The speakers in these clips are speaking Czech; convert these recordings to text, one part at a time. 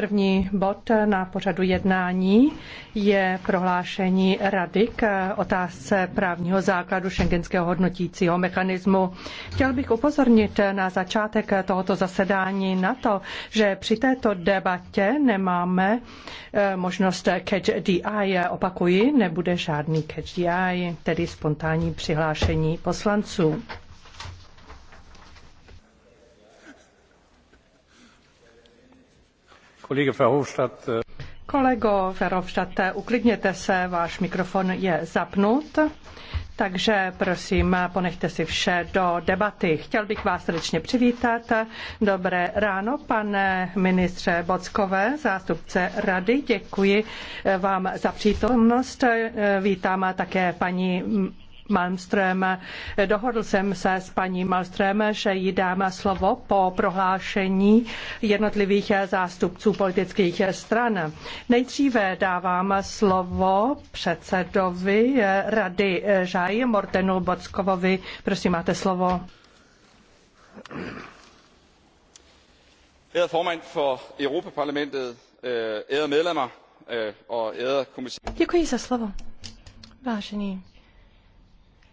První bod na pořadu jednání je prohlášení Rady k otázce právního základu šengenského hodnotícího mechanismu. Chtěl bych upozornit na začátek tohoto zasedání na to, že při této debatě nemáme eh, možnost catch the eye. Opakuji, nebude žádný catch the eye, tedy spontánní přihlášení poslanců. Äh, Kolego Verhofstadte, uklidněte se, váš mikrofon je zapnut, takže prosím, ponechte si vše do debaty. Chtěl bych vás srdečně přivítat. Dobré ráno, pane ministře Bockové, zástupce rady. Děkuji eh, vám za přítomnost. Eh, vítám také paní Malmström. Dohodl jsem se s paní Malmström, že jí dám slovo po prohlášení jednotlivých zástupců politických stran. Nejdříve dávám slovo předsedovi rady Žáji Mortenu Bockovovi. Prosím, máte slovo. Ærede er formand for Europaparlamentet, øh, ærede medlemmer øh, og ærede kommissær. Děkuji za slovo. Vážený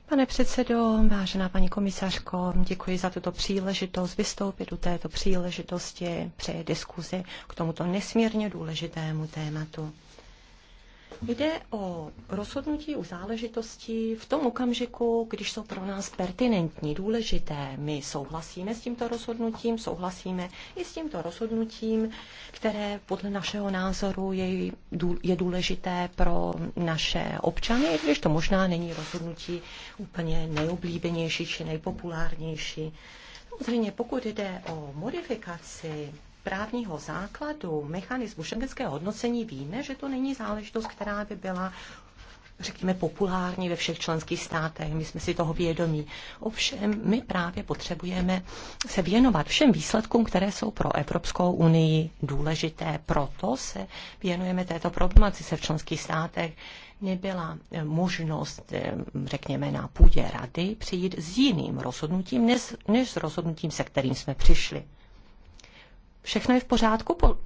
Pane předsedo, vážená paní komisařko, děkuji za tuto příležitost vystoupit u této příležitosti při diskuzi k tomuto nesmírně důležitému tématu. Jde o rozhodnutí u záležitostí v tom okamžiku, když jsou pro nás pertinentní, důležité. My souhlasíme s tímto rozhodnutím, souhlasíme i s tímto rozhodnutím, které podle našeho názoru je, je důležité pro naše občany, i když to možná není rozhodnutí úplně nejoblíbenější či nejpopulárnější. Samozřejmě, pokud jde o modifikaci právního základu, mechanismu šengenského hodnocení víme, že to není záležitost, která by byla řekněme, populární ve všech členských státech. My jsme si toho vědomí. Ovšem, my právě potřebujeme se věnovat všem výsledkům, které jsou pro Evropskou unii důležité. Proto se věnujeme této problematice v členských státech. Nebyla možnost, řekněme, na půdě rady přijít s jiným rozhodnutím, než, než s rozhodnutím, se kterým jsme přišli všechno je v pořádku, po,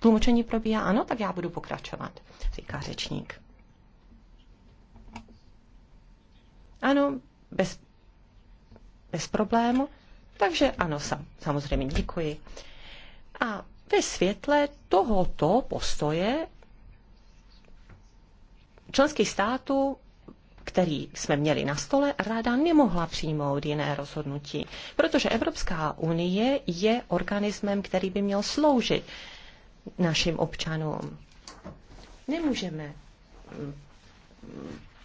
tlumočení probíhá, ano, tak já budu pokračovat, říká řečník. Ano, bez, bez problému. Takže ano, sam, samozřejmě děkuji. A ve světle tohoto postoje členských států který jsme měli na stole, ráda nemohla přijmout jiné rozhodnutí, protože Evropská unie je organismem, který by měl sloužit našim občanům. Nemůžeme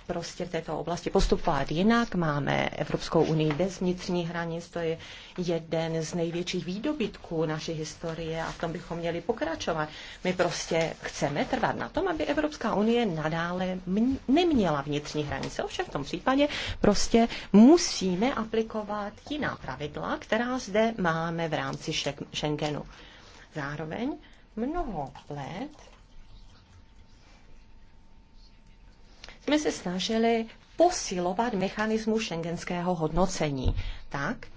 prostě v této oblasti postupovat jinak. Máme Evropskou unii bez vnitřních hranic, to je jeden z největších výdobytků naší historie a v tom bychom měli pokračovat. My prostě chceme trvat na tom, aby Evropská unie nadále neměla vnitřní hranice. Ovšem v tom případě prostě musíme aplikovat jiná pravidla, která zde máme v rámci Schengenu. Zároveň mnoho let jsme se snažili posilovat mechanismus šengenského hodnocení tak,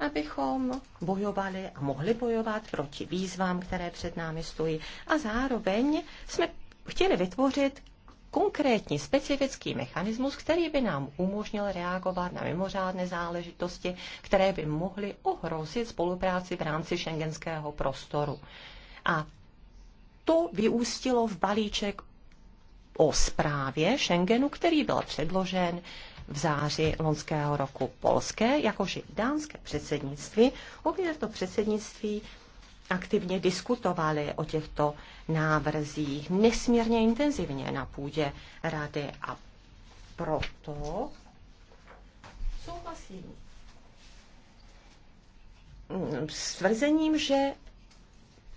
abychom bojovali a mohli bojovat proti výzvám, které před námi stojí. A zároveň jsme chtěli vytvořit konkrétní specifický mechanismus, který by nám umožnil reagovat na mimořádné záležitosti, které by mohly ohrozit spolupráci v rámci šengenského prostoru. A to vyústilo v balíček o zprávě Schengenu, který byl předložen v září loňského roku polské, jakož i dánské předsednictví. Obě to předsednictví aktivně diskutovali o těchto návrzích nesmírně intenzivně na půdě rady a proto souhlasím s tvrzením, že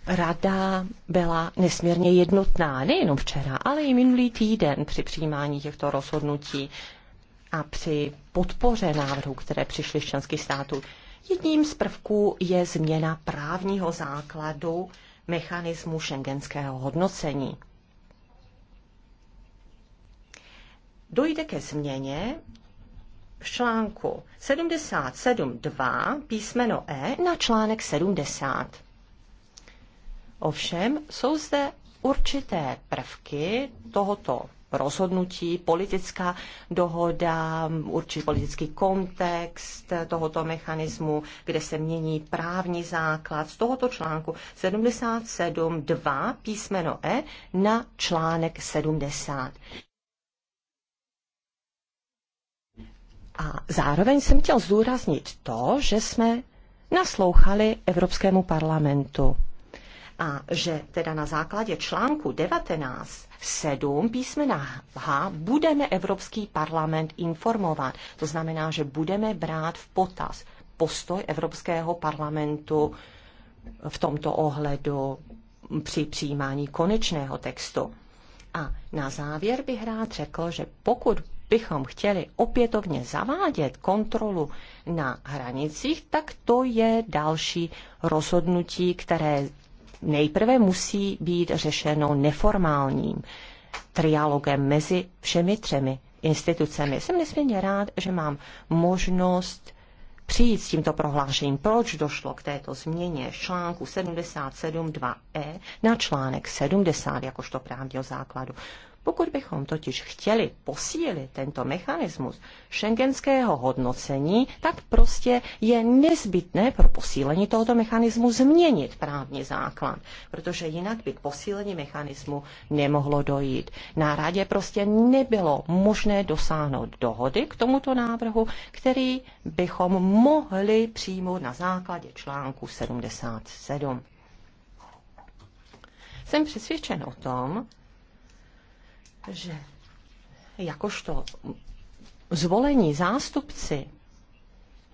rada byla nesmírně jednotná, nejenom včera, ale i minulý týden při přijímání těchto rozhodnutí a při podpoře návrhu, které přišly z členských států. Jedním z prvků je změna právního základu mechanismu šengenského hodnocení. Dojde ke změně v článku 77.2 písmeno E na článek 70. Ovšem jsou zde určité prvky tohoto rozhodnutí, politická dohoda, určitý politický kontext tohoto mechanismu, kde se mění právní základ z tohoto článku 77.2 písmeno E na článek 70. A zároveň jsem chtěl zdůraznit to, že jsme naslouchali Evropskému parlamentu a že teda na základě článku 19 7 písmena H budeme Evropský parlament informovat. To znamená, že budeme brát v potaz postoj Evropského parlamentu v tomto ohledu při přijímání konečného textu. A na závěr bych rád řekl, že pokud bychom chtěli opětovně zavádět kontrolu na hranicích, tak to je další rozhodnutí, které nejprve musí být řešeno neformálním trialogem mezi všemi třemi institucemi. Jsem nesmírně rád, že mám možnost přijít s tímto prohlášením, proč došlo k této změně článku 77.2e na článek 70 jakožto právního základu. Pokud bychom totiž chtěli posílit tento mechanismus šengenského hodnocení, tak prostě je nezbytné pro posílení tohoto mechanismu změnit právní základ, protože jinak by k posílení mechanismu nemohlo dojít. Na radě prostě nebylo možné dosáhnout dohody k tomuto návrhu, který bychom mohli přijmout na základě článku 77. Jsem přesvědčen o tom, že jakožto zvolení zástupci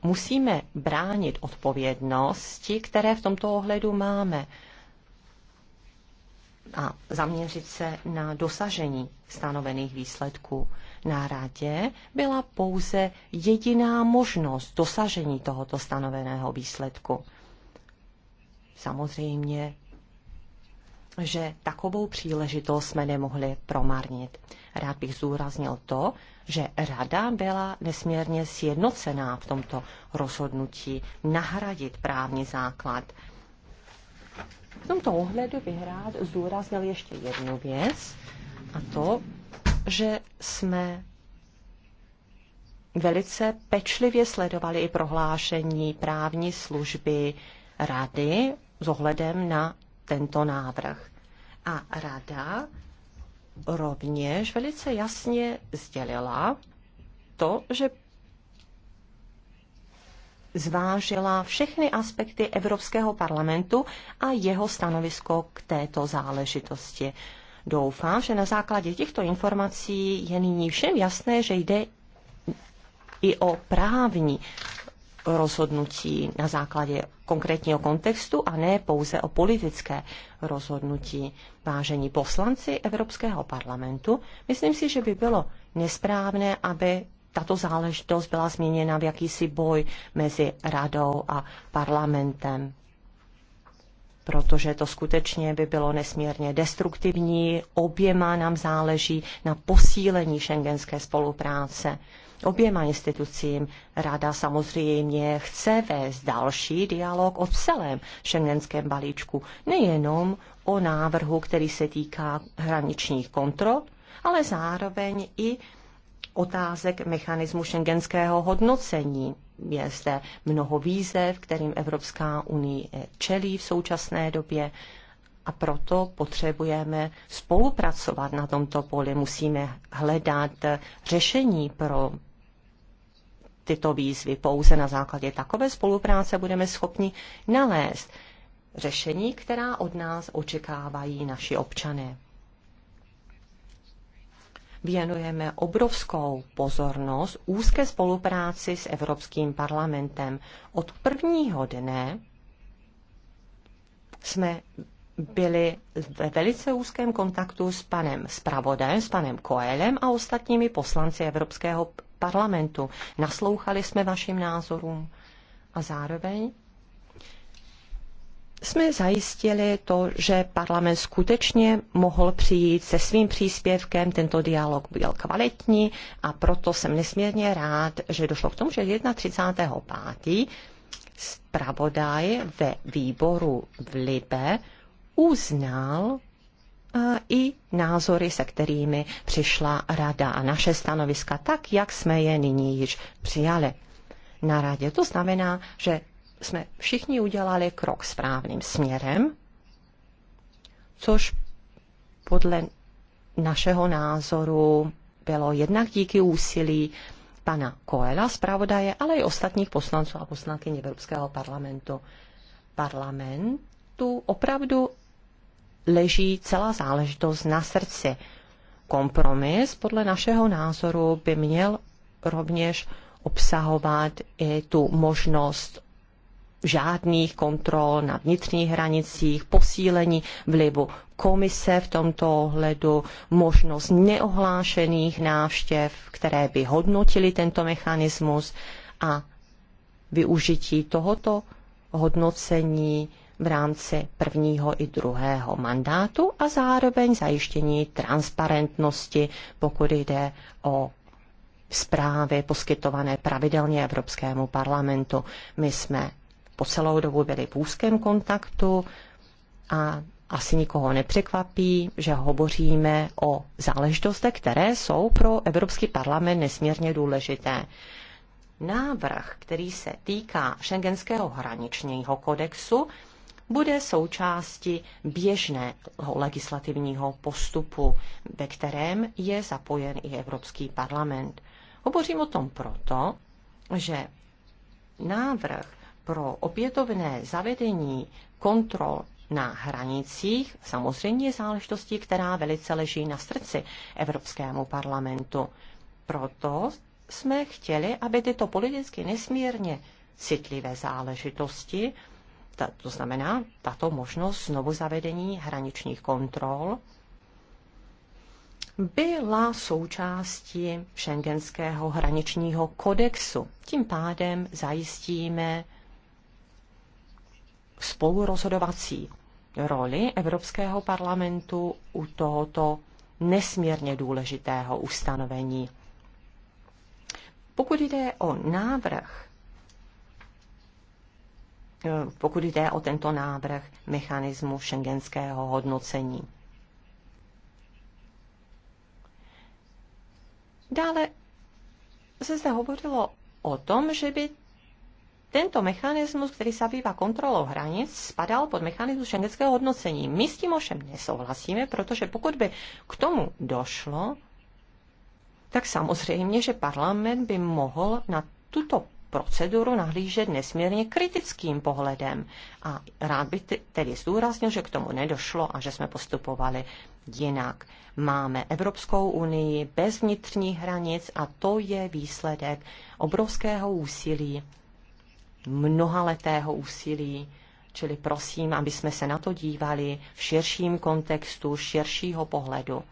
musíme bránit odpovědnosti, které v tomto ohledu máme a zaměřit se na dosažení stanovených výsledků. Na radě byla pouze jediná možnost dosažení tohoto stanoveného výsledku. Samozřejmě že takovou příležitost jsme nemohli promarnit. Rád bych zúraznil to, že rada byla nesmírně sjednocená v tomto rozhodnutí nahradit právní základ. V tomto ohledu bych rád zúraznil ještě jednu věc, a to, že jsme velice pečlivě sledovali i prohlášení právní služby rady s ohledem na tento návrh. A rada rovněž velice jasně sdělila to, že zvážila všechny aspekty Evropského parlamentu a jeho stanovisko k této záležitosti. Doufám, že na základě těchto informací je nyní všem jasné, že jde i o právní rozhodnutí na základě konkrétního kontextu a ne pouze o politické rozhodnutí. Vážení poslanci Evropského parlamentu, myslím si, že by bylo nesprávné, aby tato záležitost byla změněna v jakýsi boj mezi radou a parlamentem protože to skutečně by bylo nesmírně destruktivní. Oběma nám záleží na posílení šengenské spolupráce oběma institucím. Rada samozřejmě chce vést další dialog o celém šengenském balíčku, nejenom o návrhu, který se týká hraničních kontrol, ale zároveň i otázek mechanismu šengenského hodnocení. Je zde mnoho výzev, kterým Evropská unie čelí v současné době a proto potřebujeme spolupracovat na tomto poli. Musíme hledat řešení pro tyto výzvy. Pouze na základě takové spolupráce budeme schopni nalézt řešení, která od nás očekávají naši občané. Věnujeme obrovskou pozornost úzké spolupráci s Evropským parlamentem. Od prvního dne jsme byli ve velice úzkém kontaktu s panem Spravodajem, s panem Koelem a ostatními poslanci Evropského parlamentu. Naslouchali jsme vašim názorům a zároveň jsme zajistili to, že parlament skutečně mohl přijít se svým příspěvkem, tento dialog byl kvalitní a proto jsem nesmírně rád, že došlo k tomu, že 31.5. zpravodaj ve výboru v Libe uznal i názory, se kterými přišla rada a naše stanoviska, tak jak jsme je nyní již přijali na radě. To znamená, že jsme všichni udělali krok správným směrem, což podle našeho názoru bylo jednak díky úsilí pana Koela, zpravodaje, ale i ostatních poslanců a poslankyní Evropského parlamentu. Parlamentu opravdu leží celá záležitost na srdci. Kompromis podle našeho názoru by měl rovněž obsahovat i tu možnost žádných kontrol na vnitřních hranicích, posílení vlivu komise v tomto ohledu, možnost neohlášených návštěv, které by hodnotili tento mechanismus a využití tohoto hodnocení v rámci prvního i druhého mandátu a zároveň zajištění transparentnosti, pokud jde o zprávy poskytované pravidelně Evropskému parlamentu. My jsme po celou dobu byli v úzkém kontaktu a asi nikoho nepřekvapí, že hovoříme o záležitostech, které jsou pro Evropský parlament nesmírně důležité. Návrh, který se týká šengenského hraničního kodexu, bude součástí běžného legislativního postupu, ve kterém je zapojen i Evropský parlament. Hovořím o tom proto, že návrh pro opětovné zavedení kontrol na hranicích samozřejmě je záležitostí, která velice leží na srdci Evropskému parlamentu. Proto jsme chtěli, aby tyto politicky nesmírně citlivé záležitosti ta, to znamená tato možnost znovu zavedení hraničních kontrol byla součástí šengenského hraničního kodexu. Tím pádem zajistíme spolurozhodovací roli Evropského parlamentu u tohoto nesmírně důležitého ustanovení. Pokud jde o návrh Eh, pokud jde o tento návrh mechanismu šengenského hodnocení. Dále se zde hovořilo o tom, že by tento mechanismus, který zabývá kontrolou hranic, spadal pod mechanismus šengenského hodnocení. My s tím ovšem nesouhlasíme, protože pokud by k tomu došlo, tak samozřejmě, že parlament by mohl na tuto proceduru nahlížet nesmírně kritickým pohledem. A rád bych tedy zdůraznil, že k tomu nedošlo a že jsme postupovali jinak. Máme Evropskou unii bez vnitřních hranic a to je výsledek obrovského úsilí, mnohaletého úsilí, čili prosím, aby jsme se na to dívali v širším kontextu, širšího pohledu.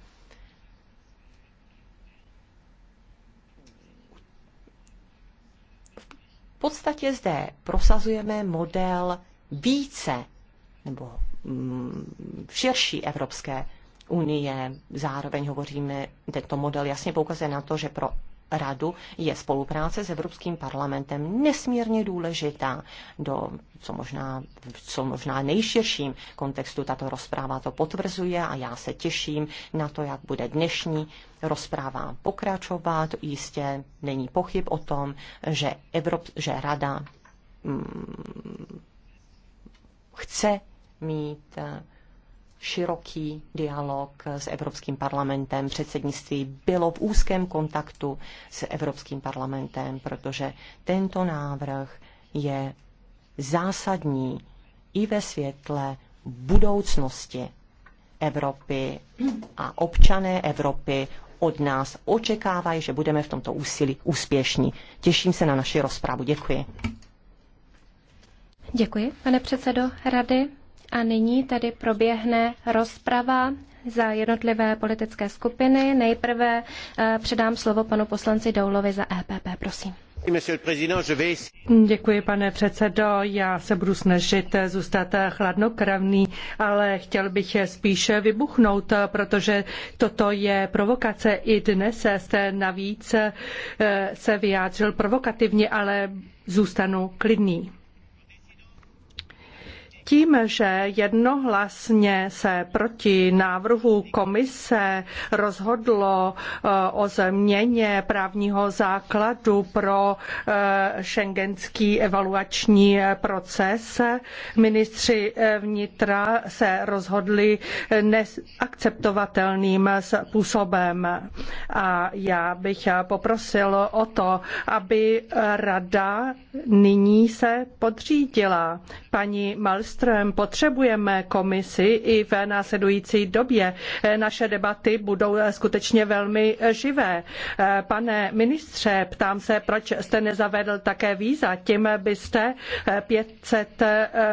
podstatě zde prosazujeme model více nebo mm, širší Evropské unie. Zároveň hovoříme, tento model jasně poukazuje na to, že pro radu je spolupráce s Evropským parlamentem nesmírně důležitá do co možná, co možná nejširším kontextu tato rozpráva to potvrzuje a já se těším na to, jak bude dnešní rozpráva pokračovat. Jistě není pochyb o tom, že, Evrop, že rada hmm, chce mít eh, široký dialog s Evropským parlamentem. Předsednictví bylo v úzkém kontaktu s Evropským parlamentem, protože tento návrh je zásadní i ve světle budoucnosti Evropy a občané Evropy od nás očekávají, že budeme v tomto úsilí úspěšní. Těším se na naši rozprávu. Děkuji. Děkuji, pane předsedo Rady. A nyní tady proběhne rozprava za jednotlivé politické skupiny. Nejprve eh, předám slovo panu poslanci Doulovi za EPP, prosím. Děkuji, pane předsedo. Já se budu snažit zůstat chladnokravný, ale chtěl bych je spíše vybuchnout, protože toto je provokace. I dnes jste navíc eh, se vyjádřil provokativně, ale zůstanu klidný. Tím, že jednohlasně se proti návrhu komise rozhodlo eh, o změně právního základu pro šengenský eh, evaluační proces, ministři eh, vnitra se rozhodli neakceptovatelným způsobem. A já bych poprosil o to, aby rada nyní se podřídila. Paní Malst Malmström. Potřebujeme komisi i v následující době. Naše debaty budou skutečně velmi živé. Pane ministře, ptám se, proč jste nezavedl také víza. Tím byste 500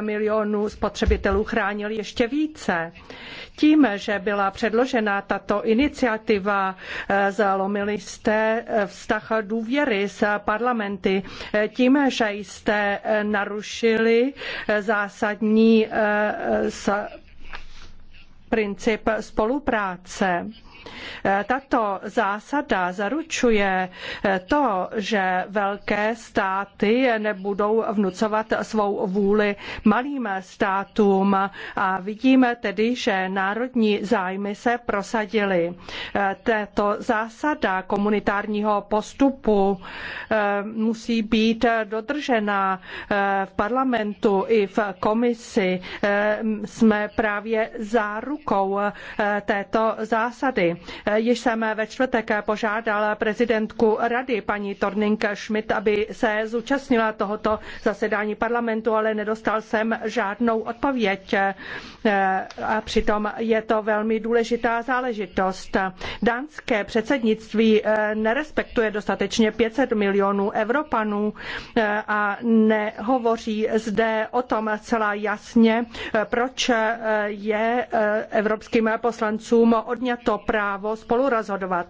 milionů spotřebitelů chránil ještě více. Tím, že byla předložena tato iniciativa, zalomili jste vztah důvěry s parlamenty. Tím, že jste narušili zásadní plní eh, eh, princip spolupráce. Tato zásada zaručuje to, že velké státy nebudou vnucovat svou vůli malým státům a vidíme tedy, že národní zájmy se prosadily. Tato zásada komunitárního postupu eh, musí být dodržena eh, v parlamentu i v komisi. Eh, jsme právě zárukou této zásady. Již jsem ve čtvrtek požádala prezidentku rady paní Torning Schmidt, aby se zúčastnila tohoto zasedání parlamentu, ale nedostal jsem žádnou odpověď. A přitom je to velmi důležitá záležitost. Dánské předsednictví eh, nerespektuje dostatečně 500 milionů Evropanů eh, a nehovoří zde o tom celá jasně, eh, proč je evropským poslancům odňato právo právo spolurozhodovat.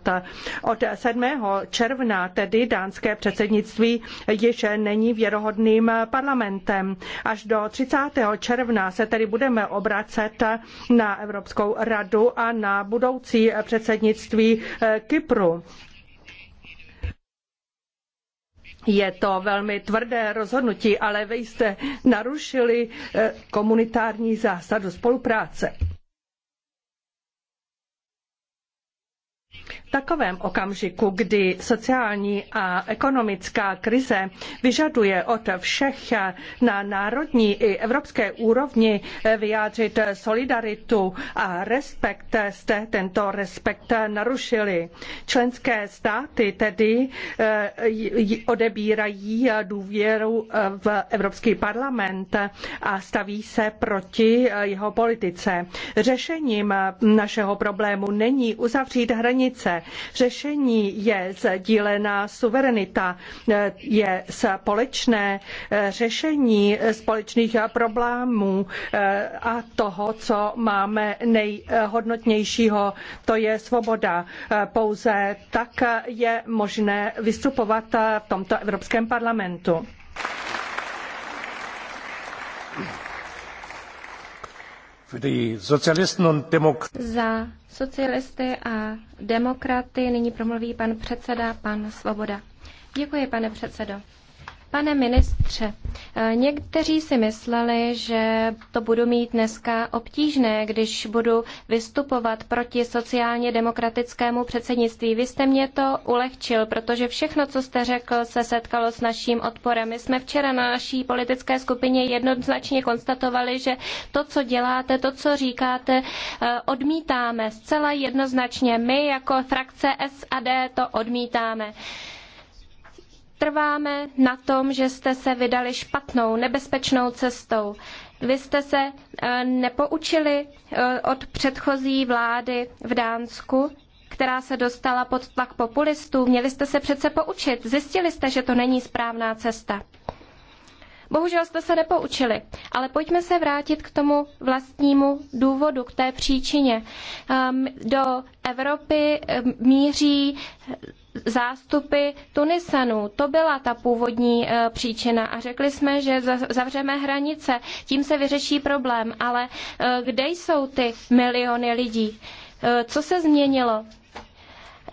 Od 7. června tedy dánské předsednictví již není věrohodným parlamentem. Až do 30. června se tedy budeme obracet na Evropskou radu a na budoucí předsednictví Kypru. Je to velmi tvrdé rozhodnutí, ale vy jste narušili komunitární zásadu spolupráce. V takovém okamžiku, kdy sociální a ekonomická krize vyžaduje od všech na národní i evropské úrovni vyjádřit solidaritu a respekt, jste tento respekt narušili. Členské státy tedy eh, odebírají důvěru eh, v Evropský parlament a staví se proti eh, jeho politice. Řešením našeho problému není uzavřít hranice hranice. Řešení je sdílená suverenita, je společné řešení společných problémů a toho, co máme nejhodnotnějšího, to je svoboda. Pouze tak je možné vystupovat v tomto Evropském parlamentu. Za socialisty a demokraty nyní promluví pan předseda, pan Svoboda. Děkuji, pane předsedo. Pane ministře, eh, někteří si mysleli, že to budu mít dneska obtížné, když budu vystupovat proti sociálně demokratickému předsednictví. Vy jste mě to ulehčil, protože všechno, co jste řekl, se setkalo s naším odporem. My jsme včera na naší politické skupině jednoznačně konstatovali, že to, co děláte, to, co říkáte, eh, odmítáme zcela jednoznačně. My jako frakce SAD to odmítáme trváme na tom, že jste se vydali špatnou, nebezpečnou cestou. Vy jste se e, nepoučili e, od předchozí vlády v Dánsku, která se dostala pod tlak populistů. Měli jste se přece poučit. Zjistili jste, že to není správná cesta. Bohužel jste se nepoučili, ale pojďme se vrátit k tomu vlastnímu důvodu, k té příčině. Ehm, do Evropy ehm, míří zástupy Tunisanů. To byla ta původní eh, příčina a řekli jsme, že zavřeme hranice, tím se vyřeší problém, ale eh, kde jsou ty miliony lidí? Eh, co se změnilo?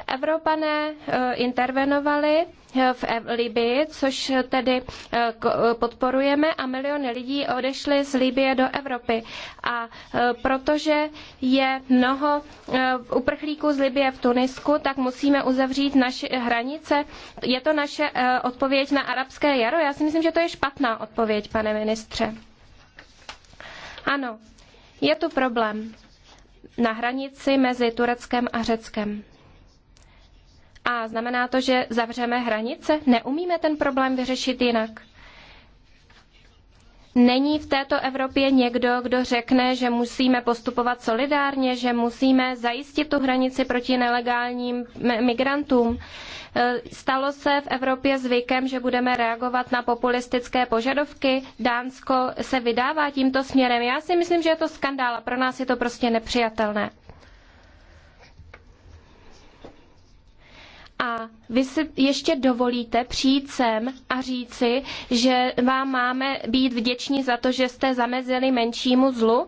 Evropané eh, intervenovali eh, v Libii, což tedy eh, podporujeme a miliony lidí odešly z Libie do Evropy. A protože je mnoho uprchlíků z Libie v Tunisku, tak musíme uzavřít naše hranice. Je to naše odpověď na arabské jaro? Já si myslím, že to je špatná odpověď, pane ministře. Ano, je tu problém na hranici mezi Tureckem a Řeckem. A znamená to, že zavřeme hranice? Neumíme ten problém vyřešit jinak? Není v této Evropě někdo, kdo řekne, že musíme postupovat solidárně, že musíme zajistit tu hranici proti nelegálním migrantům. E, stalo se v Evropě zvykem, že budeme reagovat na populistické požadovky. Dánsko se vydává tímto směrem. Já si myslím, že je to skandál a pro nás je to prostě nepřijatelné. A vy si ještě dovolíte přijít sem a říci, že vám máme být vděční za to, že jste zamezili menšímu zlu?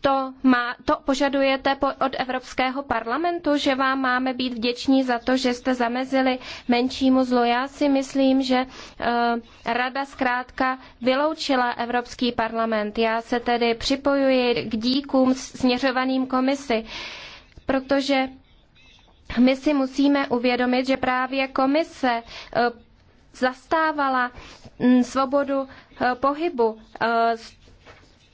To, má, to požadujete po, od Evropského parlamentu, že vám máme být vděční za to, že jste zamezili menšímu zlu. Já si myslím, že eh, Rada zkrátka vyloučila Evropský parlament. Já se tedy připojuji k díkům směřovaným komisi, protože my si musíme uvědomit, že právě komise eh, zastávala mm, svobodu eh, pohybu, eh,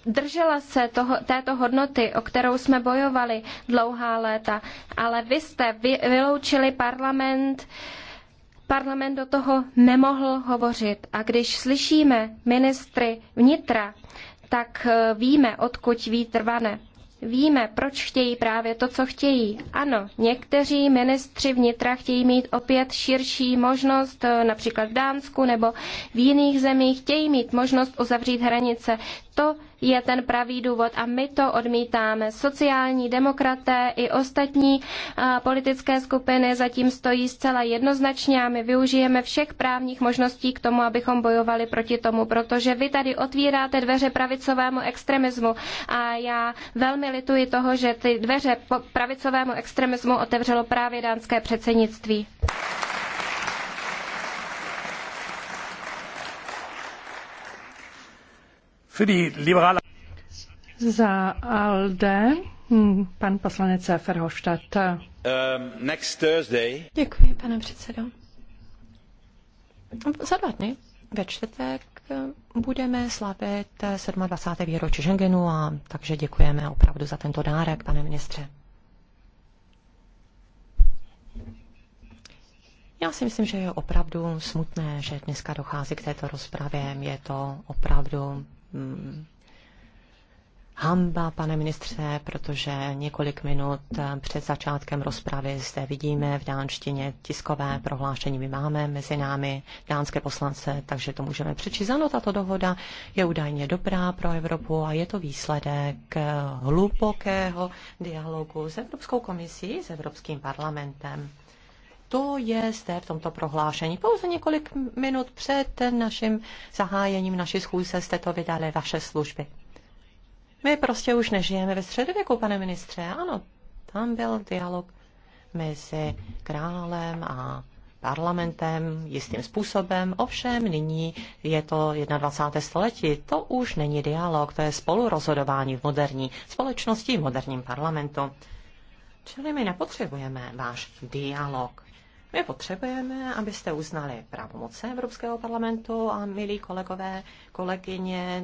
držela se toho, této hodnoty, o kterou jsme bojovali dlouhá léta, ale vy jste vyloučili parlament, parlament do toho nemohl hovořit. A když slyšíme ministry vnitra, tak víme, odkud vítr vane. Víme, proč chtějí právě to, co chtějí. Ano, někteří ministři vnitra chtějí mít opět širší možnost, eh, například v Dánsku nebo v jiných zemích, chtějí mít možnost uzavřít hranice. To je ten pravý důvod a my to odmítáme. Sociální demokraté i ostatní eh, politické skupiny zatím stojí zcela jednoznačně a my využijeme všech právních možností k tomu, abychom bojovali proti tomu, protože vy tady otvíráte dveře pravicovému extremismu a já velmi lituji toho, že ty dveře pravicovému extremismu otevřelo právě dánské předsednictví. Za ALDE hm, pan poslanec Ferhoštat. Um, next Thursday. Děkuji, pane předsedo. Za dva dny, ve čtvrtek, budeme slavit 27. výročí Schengenu a takže děkujeme opravdu za tento dárek, pane ministře. Já si myslím, že je opravdu smutné, že dneska dochází k této rozpravě. Je to opravdu Hmm. hamba, pane ministře, protože několik minut před začátkem rozpravy zde vidíme v dánštině tiskové prohlášení. My máme mezi námi dánské poslance, takže to můžeme přečíst. Ano, tato dohoda je údajně dobrá pro Evropu a je to výsledek hlubokého dialogu s Evropskou komisí, s Evropským parlamentem to je zde v tomto prohlášení. Pouze několik minut před naším zahájením naší schůze jste to vydali vaše služby. My prostě už nežijeme ve středověku, pane ministře. Ano, tam byl dialog mezi králem a parlamentem jistým způsobem, ovšem nyní je to 21. století. To už není dialog, to je spolurozhodování v moderní společnosti, v moderním parlamentu. Čili my nepotřebujeme váš dialog. My potřebujeme, abyste uznali pravomoce Evropského parlamentu a milí kolegové, kolegyně,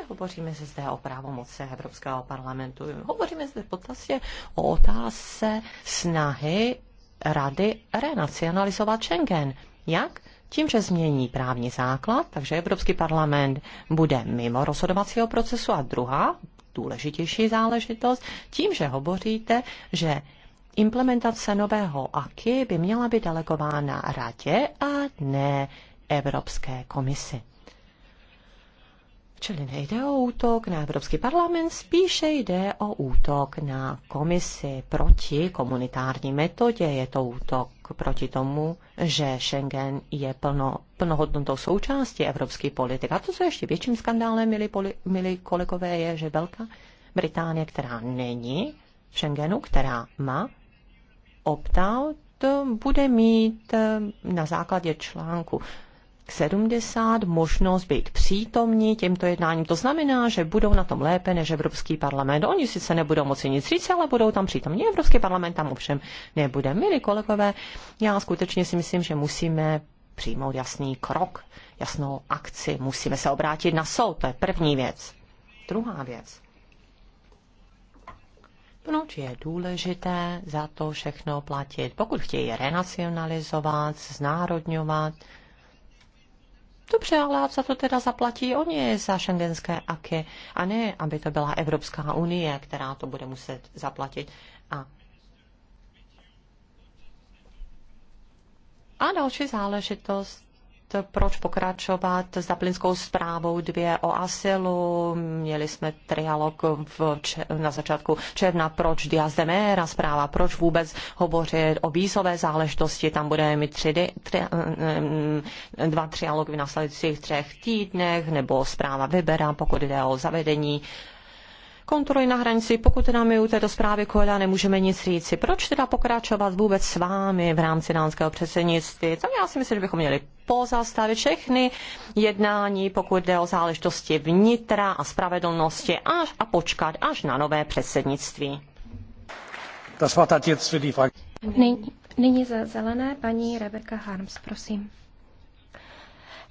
nehovoříme se zde o pravomoce Evropského parlamentu, hovoříme zde v podstatě o otázce snahy rady renacionalizovat Schengen. Jak? Tím, že změní právní základ, takže Evropský parlament bude mimo rozhodovacího procesu a druhá důležitější záležitost, tím, že hovoříte, že implementace nového AKI by měla být delegována radě a ne Evropské komisi. Čili nejde o útok na Evropský parlament, spíše jde o útok na komisi proti komunitární metodě. Je to útok proti tomu, že Schengen je plno, plnohodnotnou součástí evropské politiky. A to, co ještě větším skandálem, milí, poli, milí kolegové, je, že Velká Británie, která není v Schengenu, která má opt-out bude mít eh, na základě článku 70 možnost být přítomní těmto jednáním. To znamená, že budou na tom lépe než Evropský parlament. Oni sice nebudou moci nic říct, ale budou tam přítomní. Evropský parlament tam ovšem nebude. Milí kolegové, já skutečně si myslím, že musíme přijmout jasný krok, jasnou akci. Musíme se obrátit na soud, to je první věc. Druhá věc. Proč je důležité za to všechno platit? Pokud chtějí renacionalizovat, znárodňovat, Dobře, ale za to teda zaplatí oni za šengenské aky, a ne, aby to byla Evropská unie, která to bude muset zaplatit. A, a další záležitost, proč pokračovat s Dublinskou zprávou dvě o asilu. Měli jsme trialog v, na začátku června, proč Diaz de Mera zpráva, proč vůbec hovořit o vízové záležitosti. Tam budeme mít tři, tři, mm, dva trialogy v následujících třech týdnech, nebo zpráva vyberá, pokud jde o zavedení kontroly na hranici, pokud nám je u této zprávy kolega, nemůžeme nic říci. Proč teda pokračovat vůbec s vámi v rámci dánského předsednictví? Tam já si myslím, že bychom měli pozastavit všechny jednání, pokud jde o záležitosti vnitra a spravedlnosti až a počkat až na nové předsednictví. Das war das jetzt für die Nyní za zelené paní Rebecca Harms, prosím.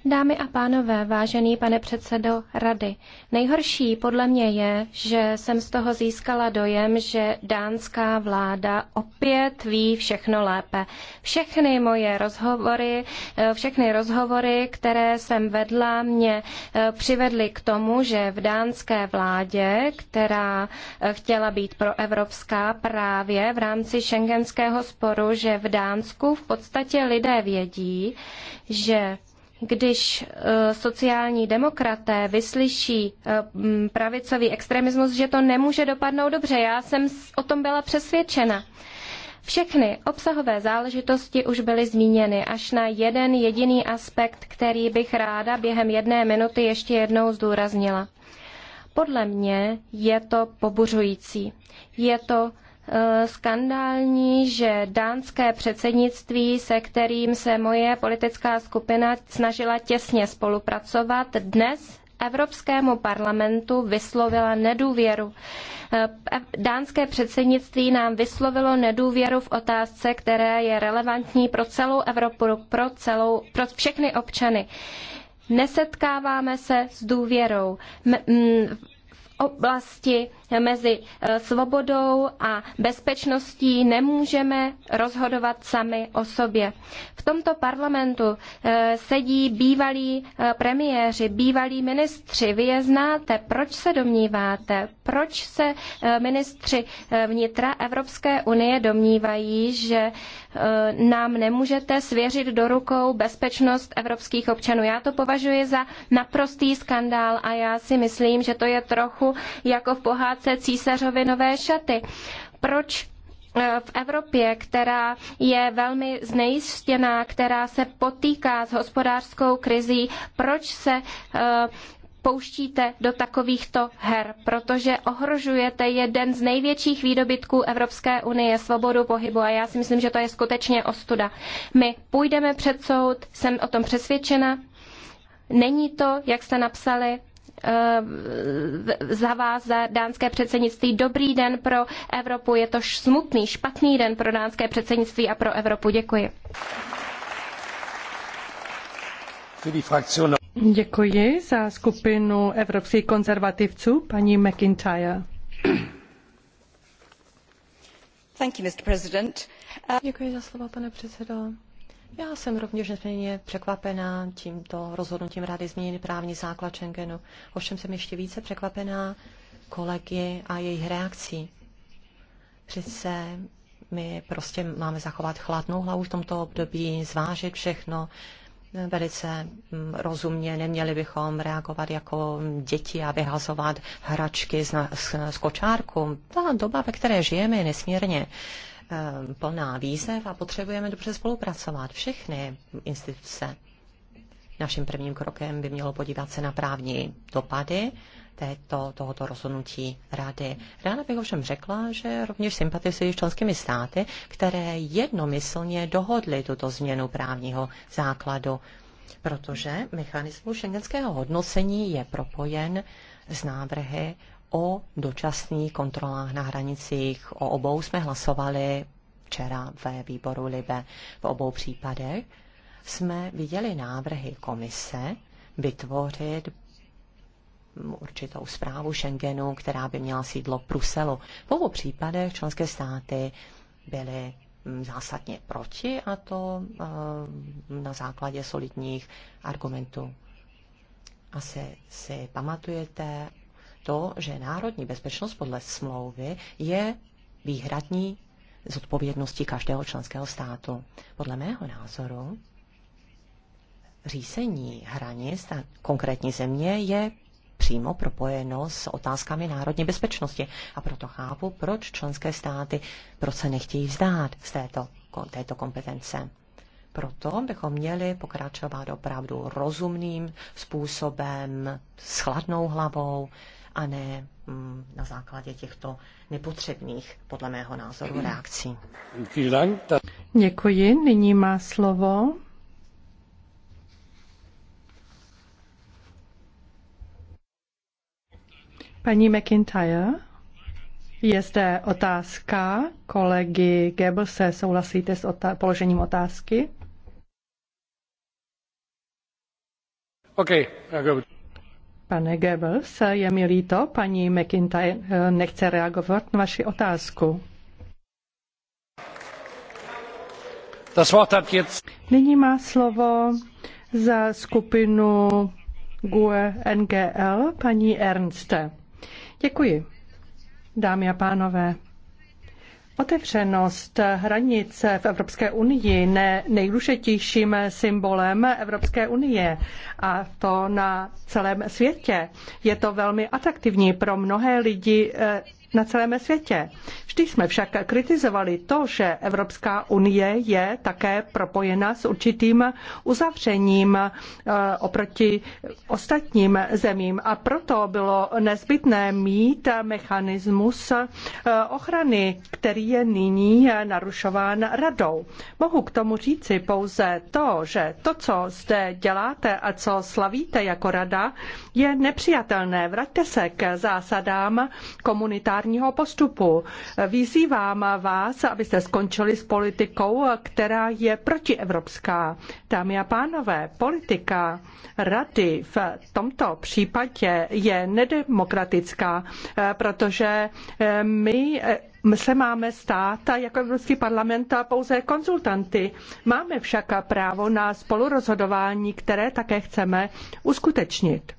Dámy a pánové, vážený pane předsedo rady, nejhorší podle mě je, že jsem z toho získala dojem, že dánská vláda opět ví všechno lépe. Všechny moje rozhovory, eh, všechny rozhovory, které jsem vedla, mě eh, přivedly k tomu, že v dánské vládě, která eh, chtěla být proevropská právě v rámci šengenského sporu, že v Dánsku v podstatě lidé vědí, že když eh, sociální demokraté vyslyší eh, pravicový extremismus, že to nemůže dopadnout dobře. Já jsem o tom byla přesvědčena. Všechny obsahové záležitosti už byly zmíněny, až na jeden jediný aspekt, který bych ráda během jedné minuty ještě jednou zdůraznila. Podle mě je to pobuřující. Je to Eh, skandální, že dánské předsednictví, se kterým se moje politická skupina snažila těsně spolupracovat, dnes Evropskému parlamentu vyslovila nedůvěru. Eh, dánské předsednictví nám vyslovilo nedůvěru v otázce, která je relevantní pro celou Evropu, pro, celou, pro všechny občany. Nesetkáváme se s důvěrou. M oblasti mezi eh, svobodou a bezpečností nemůžeme rozhodovat sami o sobě. V tomto parlamentu eh, sedí bývalí eh, premiéři, bývalí ministři. Vy je znáte. Proč se domníváte? proč se eh, ministři eh, vnitra Evropské unie domnívají, že eh, nám nemůžete svěřit do rukou bezpečnost evropských občanů. Já to považuji za naprostý skandál a já si myslím, že to je trochu jako v pohádce císařovi nové šaty. Proč v Evropě, která je velmi znejistěná, která se potýká s hospodářskou krizí, proč se pouštíte do takovýchto her, protože ohrožujete jeden z největších výdobytků Evropské unie, svobodu pohybu a já si myslím, že to je skutečně ostuda. My půjdeme před soud, jsem o tom přesvědčena. Není to, jak jste napsali, eh, za vás, za dánské předsednictví. Dobrý den pro Evropu. Je to smutný, špatný den pro dánské předsednictví a pro Evropu. Děkuji. Děkuji za skupinu evropských konzervativců, paní McIntyre. Thank you, Mr. President. Uh, Děkuji za slovo, pane předsedo. Já jsem rovněž nesmírně překvapená tímto rozhodnutím Rady změnit právní základ Schengenu. Ovšem jsem ještě více překvapená kolegy a jejich reakcí. Přece my prostě máme zachovat chladnou hlavu v tomto období, zvážit všechno, velice mm, rozumně, neměli bychom reagovat jako děti a vyhazovat hračky z, z, z kočárku. Ta doba, ve které žijeme, je nesmírně eh, plná výzev a potřebujeme dobře spolupracovat. Všechny instituce. Naším prvním krokem by mělo podívat se na právní dopady této, tohoto rozhodnutí rady. Ráda bych ovšem řekla, že rovněž sympatizuji s členskými státy, které jednomyslně dohodly tuto změnu právního základu, protože mechanismus šengenského hodnocení je propojen s návrhy o dočasných kontrolách na hranicích. O obou jsme hlasovali včera ve výboru Libe. V obou případech jsme viděli návrhy komise vytvořit Mm, určitou zprávu Schengenu, která by měla sídlo v Bruselu. V obou případech členské státy byly mm, zásadně proti a to mm, na základě solidních argumentů. Asi si pamatujete to, že národní bezpečnost podle smlouvy je výhradní z odpovědnosti každého členského státu. Podle mého názoru řízení hranic konkrétní země je přímo propojeno s otázkami národní bezpečnosti. A proto chápu, proč členské státy proč se nechtějí vzdát z této, této kompetence. Proto bychom měli pokračovat opravdu rozumným způsobem, s chladnou hlavou a ne mm, na základě těchto nepotřebných, podle mého názoru, reakcí. Děkuji. Nyní má slovo Paní McIntyre, je zde otázka kolegy Goebbelse. Souhlasíte s otá- položením otázky? OK, Pane Goebbels, je mi líto, paní McIntyre eh, nechce reagovat na vaši otázku. Das Wort hat jetzt... Nyní má slovo za skupinu GUE NGL paní Ernste. Děkuji. Dámy a pánové, Otevřenost hranic v Evropské unii je nejdůležitějším symbolem Evropské unie a to na celém světě. Je to velmi atraktivní pro mnohé lidi eh, na celém světě. Vždy jsme však kritizovali to, že Evropská unie je také propojena s určitým uzavřením eh, oproti ostatním zemím a proto bylo nezbytné mít mechanismus eh, ochrany, který je nyní narušován radou. Mohu k tomu říci pouze to, že to, co zde děláte a co slavíte jako rada, je nepřijatelné. Vraťte se k zásadám komunitární komunitárního postupu. Vyzývám vás, abyste skončili s politikou, která je protievropská. Dámy a pánové, politika rady v tomto případě je nedemokratická, protože my my se máme stát a jako Evropský parlament a pouze konzultanty. Máme však právo na spolurozhodování, které také chceme uskutečnit.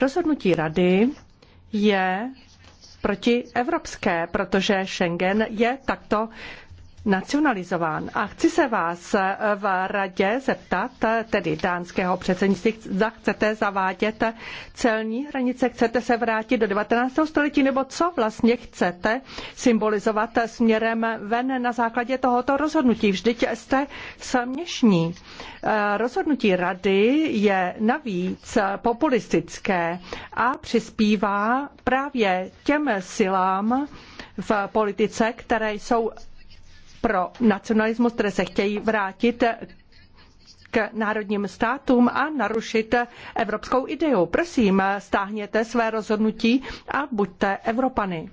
Rozhodnutí rady je protievropské, protože Schengen je takto nacionalizován. A chci se vás eh, v radě zeptat, eh, tedy dánského předsednictví, zda chcete zavádět celní hranice, chcete se vrátit do 19. století, nebo co vlastně chcete symbolizovat směrem ven na základě tohoto rozhodnutí. Vždyť jste směšní. Eh, rozhodnutí rady je navíc populistické a přispívá právě těm silám v politice, které jsou pro nacionalismus, které se chtějí vrátit k národním státům a narušit evropskou ideu. Prosím, stáhněte své rozhodnutí a buďte Evropany.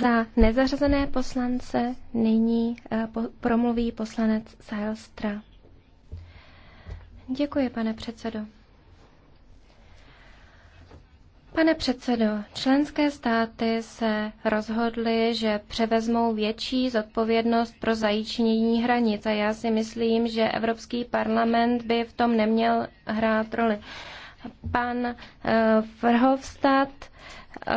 Za nezařazené poslance nyní eh, promluví poslanec Sajlstra. Děkuji, pane předsedo. Pane předsedo, členské státy se rozhodly, že převezmou větší zodpovědnost pro zajištění hranic a já si myslím, že Evropský parlament by v tom neměl hrát roli. Pan uh, Verhofstadt eh,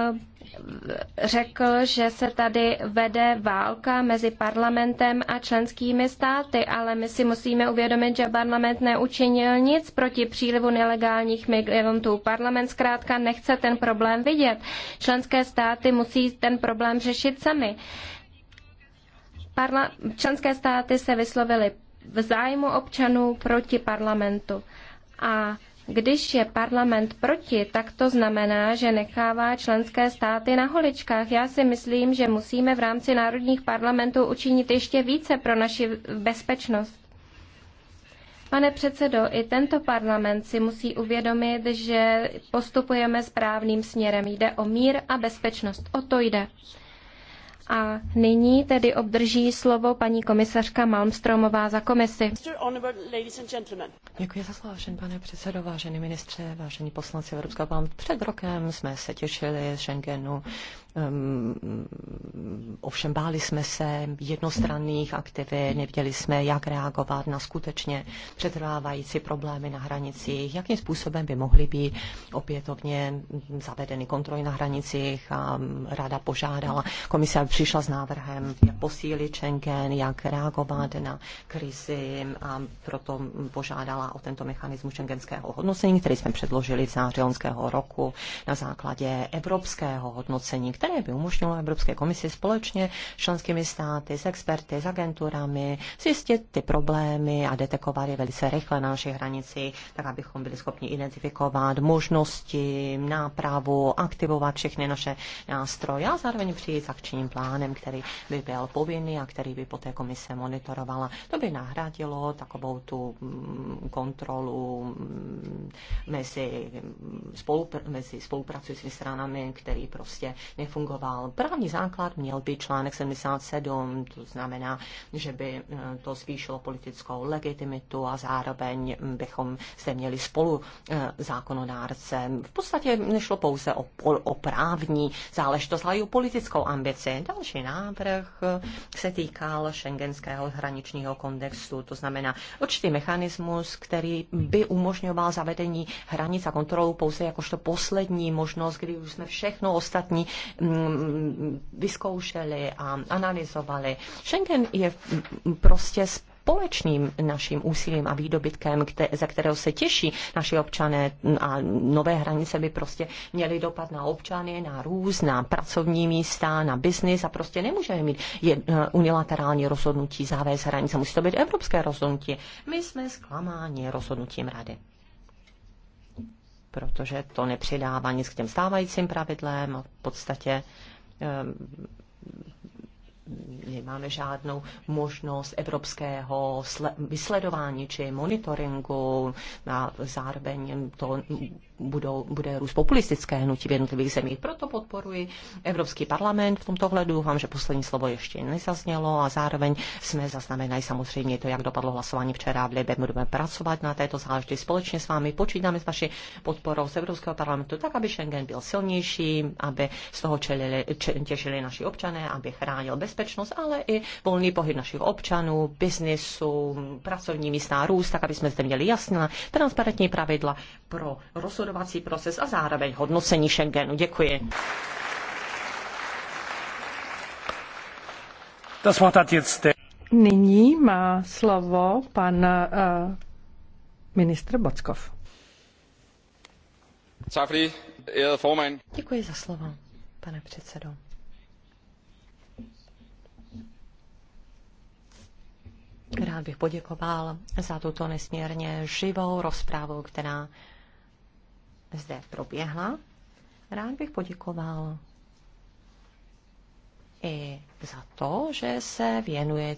řekl, že se tady vede válka mezi parlamentem a členskými státy, ale my si musíme uvědomit, že parlament neučinil nic proti přílivu nelegálních migrantů. Parlament zkrátka nechce ten problém vidět. Členské státy musí ten problém řešit sami. Parla- členské státy se vyslovily v zájmu občanů proti parlamentu. A když je parlament proti, tak to znamená, že nechává členské státy na holičkách. Já si myslím, že musíme v rámci národních parlamentů učinit ještě více pro naši bezpečnost. Pane předsedo, i tento parlament si musí uvědomit, že postupujeme správným směrem. Jde o mír a bezpečnost. O to jde. A nyní tedy obdrží slovo paní komisařka Malmstromová za komisi. Děkuji za slovo, vážený pane předsedo, vážený ministře, vážení poslanci Evropského parlamentu. Před rokem jsme se těšili z Schengenu, Ehm, ovšem báli jsme se jednostranných aktivit, nevěděli jsme, jak reagovat na skutečně přetrvávající problémy na hranicích, jakým způsobem by mohly být opětovně zavedeny kontroly na hranicích a mm, rada požádala komise, přišla s návrhem, jak posílit Schengen, jak reagovat na krizi a proto požádala o tento mechanismus šengenského hodnocení, který jsme předložili v září loňského roku na základě evropského hodnocení, které by umožnilo Evropské komisi společně s členskými státy, s experty, s agenturami zjistit ty problémy a detekovat je velice rychle na našich hranicích, tak abychom byli schopni identifikovat možnosti, nápravu, aktivovat všechny naše nástroje a zároveň přijít s akčním plánem, který by byl povinný a který by poté komise monitorovala. To by nahradilo takovou tu mm, kontrolu mm, mezi, spolupr- mezi spolupracujícími stranami, který prostě nech nefungoval. Právní základ měl být článek 77, to znamená, že by eh, to zvýšilo politickou legitimitu a zároveň bychom se měli spolu eh, zákonodárce. V podstatě nešlo pouze o, o právní záležitost, ale i o politickou ambici. Další návrh eh, se týkal šengenského hraničního kontextu, to znamená určitý mechanismus, který by umožňoval zavedení hranic a kontrolu pouze jakožto poslední možnost, kdy už jsme všechno ostatní Mm, vyzkoušeli a analyzovali. Schengen je prostě společným naším úsilím a výdobytkem, kte, kterého se těší naši občané a nové hranice by prostě měly dopad na občany, na různá na pracovní místa, na biznis a prostě nemůžeme mít jed, unilaterální rozhodnutí zavést hranice. Musí to být evropské rozhodnutí. My jsme zklamáni rozhodnutím rady protože to nepřidává nic k těm stávajícím pravidlem a v podstatě ehm, nemáme žádnou možnost evropského vysledování či monitoringu a zároveň to budou, bude růst populistické hnutí v jednotlivých zemích. Proto podporuji Evropský parlament v tomto hledu. Doufám, že poslední slovo ještě nezaznělo a zároveň jsme zaznamenali samozřejmě to, jak dopadlo hlasování včera v Libě. Budeme pracovat na této záležitosti společně s vámi. Počítáme s vaší podporou z Evropského parlamentu tak, aby Schengen byl silnější, aby z toho čelili, če, těžili naši občané, aby chránil bezpečnost, ale i volný pohyb našich občanů, biznisu, pracovní místa a růst, tak aby jsme zde měli jasná transparentní pravidla pro rozhodování rozhodovací proces a zároveň hodnocení Schengenu. Děkuji. Das Wort hat jetzt der Nyní má slovo pan uh, ministr Bockov. Eh, Děkuji za slovo, pane předsedo. Rád bych poděkoval za tuto nesmírně živou rozprávu, která zde proběhla. Rád bych poděkoval i za to, že se věnuje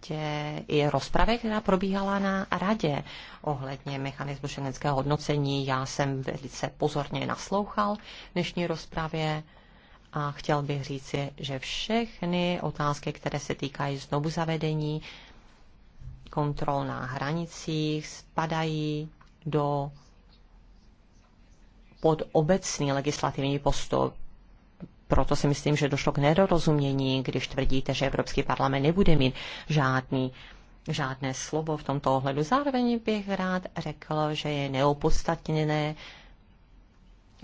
tě i rozpravě, která probíhala na radě ohledně mechanismu šengenského hodnocení. Já jsem velice pozorně naslouchal dnešní rozpravě a chtěl bych říci, že všechny otázky, které se týkají znovu zavedení kontrol na hranicích, spadají do pod obecný legislativní postup. Proto si myslím, že došlo k nedorozumění, když tvrdíte, že Evropský parlament nebude mít žádný žádné slovo v tomto ohledu. Zároveň bych rád řekl, že je neopodstatněné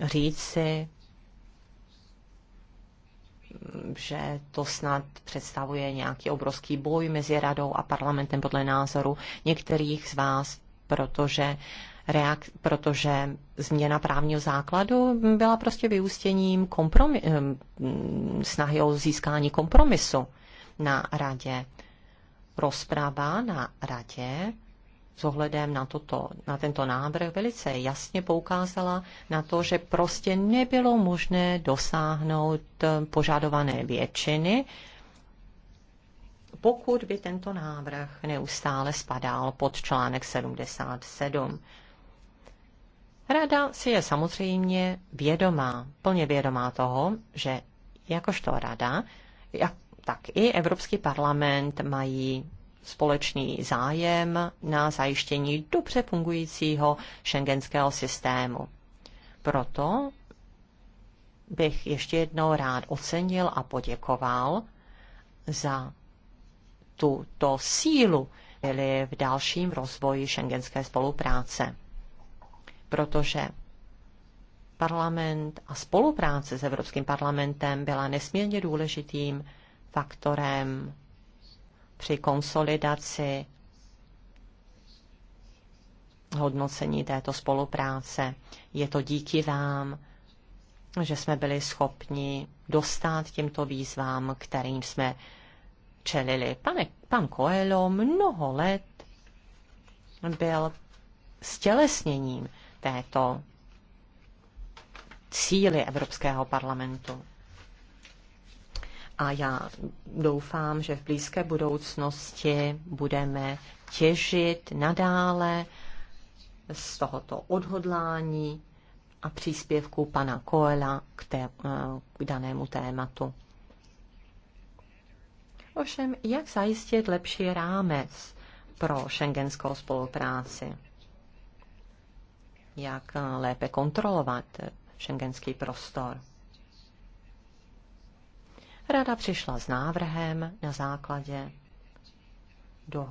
říci, že to snad představuje nějaký obrovský boj mezi radou a parlamentem podle názoru některých z vás, protože uh, reak- protože změna právního základu byla prostě vyústěním kompromi- snahy o získání kompromisu na radě. Rozprava na radě s ohledem na, toto, na tento návrh velice jasně poukázala na to, že prostě nebylo možné dosáhnout eh, požadované většiny, pokud by tento návrh neustále spadal pod článek 77. Rada si je samozřejmě vědomá, plně vědomá toho, že jakožto rada, jak, tak i Evropský parlament mají společný zájem na zajištění dobře fungujícího šengenského systému. Proto bych ještě jednou rád ocenil a poděkoval za tuto sílu, v dalším rozvoji šengenské spolupráce protože parlament a spolupráce s Evropským parlamentem byla nesmírně důležitým faktorem při konsolidaci hodnocení této spolupráce. Je to díky vám, že jsme byli schopni dostat těmto výzvám, kterým jsme čelili. Pane, pan Coelho mnoho let byl stělesněním této cíly Evropského parlamentu. A já doufám, že v blízké budoucnosti budeme těžit nadále z tohoto odhodlání a příspěvku pana Koela k, té, eh, k danému tématu. Ovšem, jak zajistit lepší rámec pro šengenskou spolupráci? jak lépe kontrolovat šengenský prostor. Rada přišla s návrhem na základě do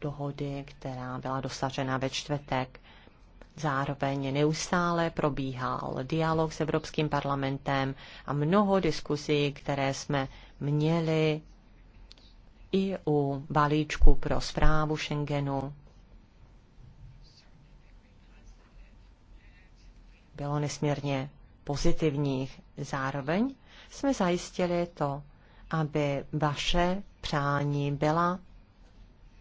dohody, která byla dosažena ve čtvrtek. Zároveň neustále probíhal dialog s Evropským parlamentem a mnoho diskuzí, které jsme měli i u balíčku pro zprávu Schengenu. bylo nesmírně pozitivních. Zároveň jsme zajistili to, aby vaše přání byla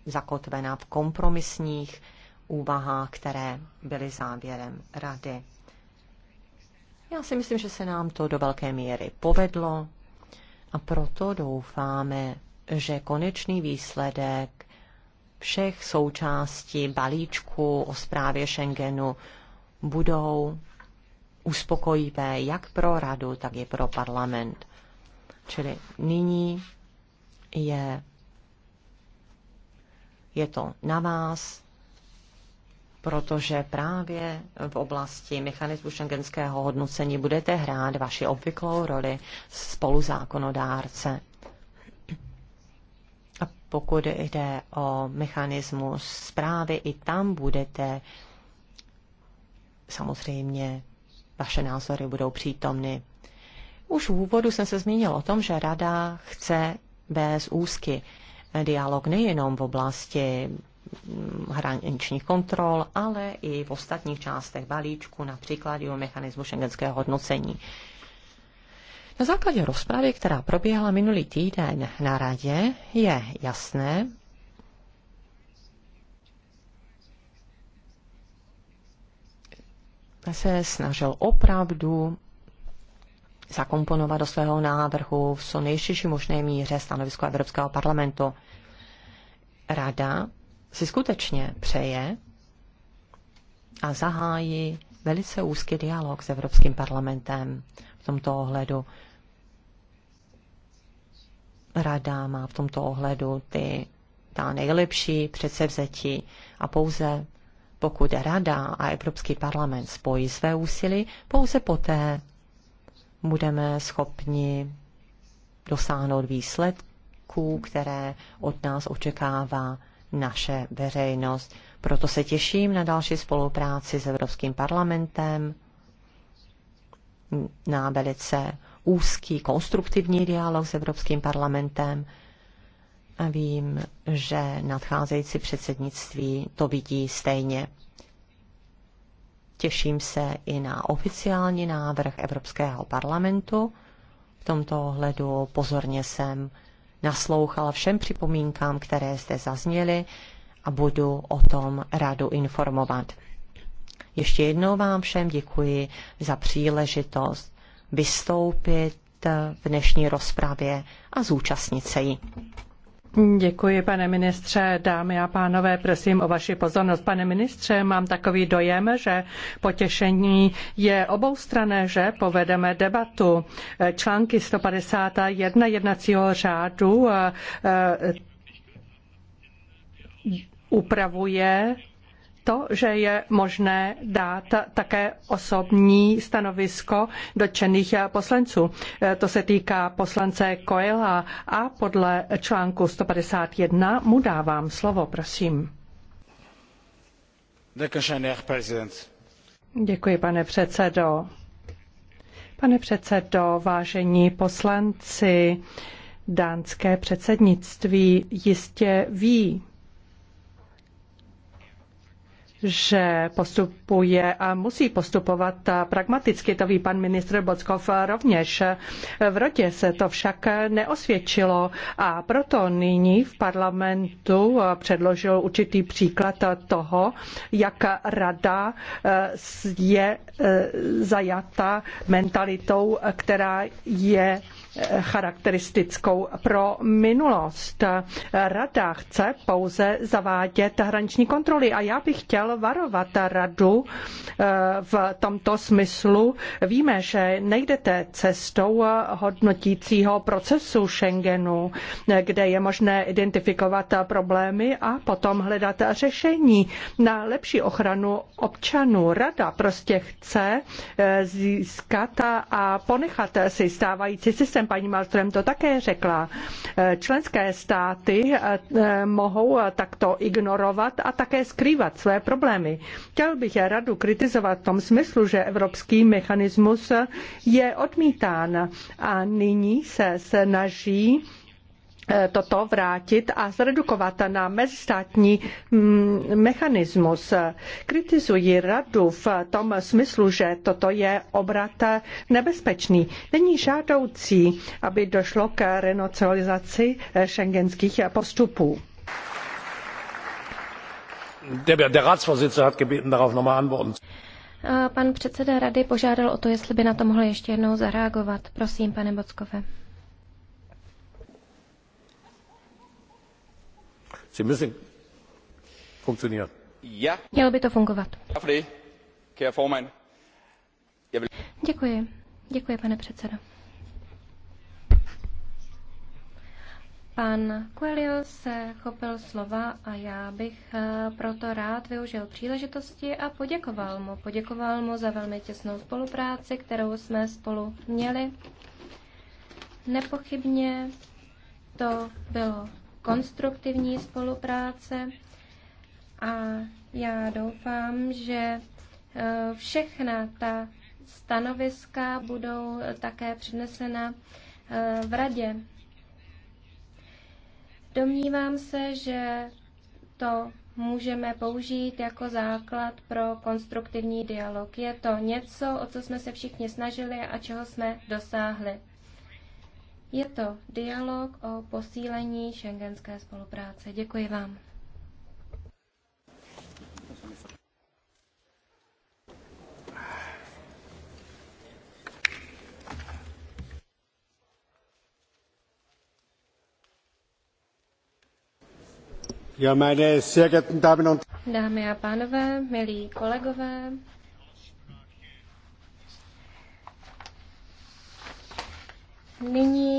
zakotvena v kompromisních úvahách, které byly závěrem rady. Já si myslím, že se nám to do velké míry povedlo a proto doufáme, že konečný výsledek všech součástí balíčku o zprávě Schengenu budou uspokojivé jak pro radu, tak i pro parlament. Čili nyní je, je to na vás, protože právě v oblasti mechanismu šengenského hodnocení budete hrát vaši obvyklou roli spoluzákonodárce. A pokud jde o mechanismus zprávy, i tam budete samozřejmě vaše názory budou přítomny. Už v úvodu jsem se zmínil o tom, že Rada chce vést úzky dialog nejenom v oblasti hraničních kontrol, ale i v ostatních částech balíčku, například i o mechanismu šengenského hodnocení. Na základě rozpravy, která proběhla minulý týden na radě, je jasné, se snažil opravdu zakomponovat do svého návrhu v co nejširší možné míře stanovisko Evropského parlamentu. Rada si skutečně přeje a zahájí velice úzký dialog s Evropským parlamentem v tomto ohledu. Rada má v tomto ohledu ty, ta nejlepší předsevzetí a pouze pokud Rada a Evropský parlament spojí své úsilí, pouze poté budeme schopni dosáhnout výsledků, které od nás očekává naše veřejnost. Proto se těším na další spolupráci s Evropským parlamentem, na velice úzký konstruktivní dialog s Evropským parlamentem a vím, že nadcházející předsednictví to vidí stejně. Těším se i na oficiální návrh Evropského parlamentu. V tomto ohledu pozorně jsem naslouchala všem připomínkám, které zde zazněly a budu o tom radu informovat. Ještě jednou vám všem děkuji za příležitost vystoupit v dnešní rozpravě a zúčastnit se jí. Děkuji, pane ministře. Dámy a pánové, prosím o vaši pozornost. Pane ministře, mám takový dojem, že potěšení je obou oboustrané, že povedeme debatu. Články 151 jednacího řádu eh, eh, upravuje to, že je možné dát také osobní stanovisko dotčených poslanců. E, to se týká poslance Koela a podle článku 151 mu dávám slovo, prosím. Děkuji, pane předsedo. Pane předsedo, vážení poslanci, dánské předsednictví jistě ví, že postupuje a musí postupovat pragmaticky. To ví pan ministr Bockov rovněž. V rotě se to však neosvědčilo a proto nyní v parlamentu předložil určitý příklad toho, jak rada je eh, zajata mentalitou, která je charakteristickou pro minulost. Rada chce pouze zavádět hraniční kontroly a já bych chtěl varovat radu eh, v tomto smyslu. Víme, že nejdete cestou hodnotícího procesu Schengenu, kde je možné identifikovat problémy a potom hledat řešení na lepší ochranu občanů. Rada prostě chce eh, získat a ponechat si stávající systém jsem Paní Malstrem to také řekla. Eh, členské státy eh, mohou eh, takto ignorovat a také skrývat své problémy. Chtěl bych radu kritizovat v tom smyslu, že evropský mechanismus je odmítán a nyní se snaží Eh, toto vrátit a zredukovat na mezistátní mm, mechanismus. Kritizuji radu v tom smyslu, že toto je obrat nebezpečný. Není žádoucí, aby došlo k renocializaci šengenských eh, postupů. Der, der Ratsvorsitzende hat gebeten, darauf nochmal antworten. Eh, pan předseda rady požádal o to, jestli by na to mohl ještě jednou zareagovat. Prosím, pane Bockové. Mělo by to fungovat. Děkuji. Děkuji, pane předsedo. Pan Coelho se chopil slova a já bych eh, proto rád využil příležitosti a poděkoval mu. Poděkoval mu za velmi těsnou spolupráci, kterou jsme spolu měli. Nepochybně to bylo konstruktivní spolupráce a já doufám, že e, všechna ta stanoviska budou také přednesena e, v radě. Domnívám se, že to můžeme použít jako základ pro konstruktivní dialog. Je to něco, o co jsme se všichni snažili a čeho jsme dosáhli. Je to dialog o posílení šengenské spolupráce. Děkuji vám. Dámy a pánové, milí kolegové, nyní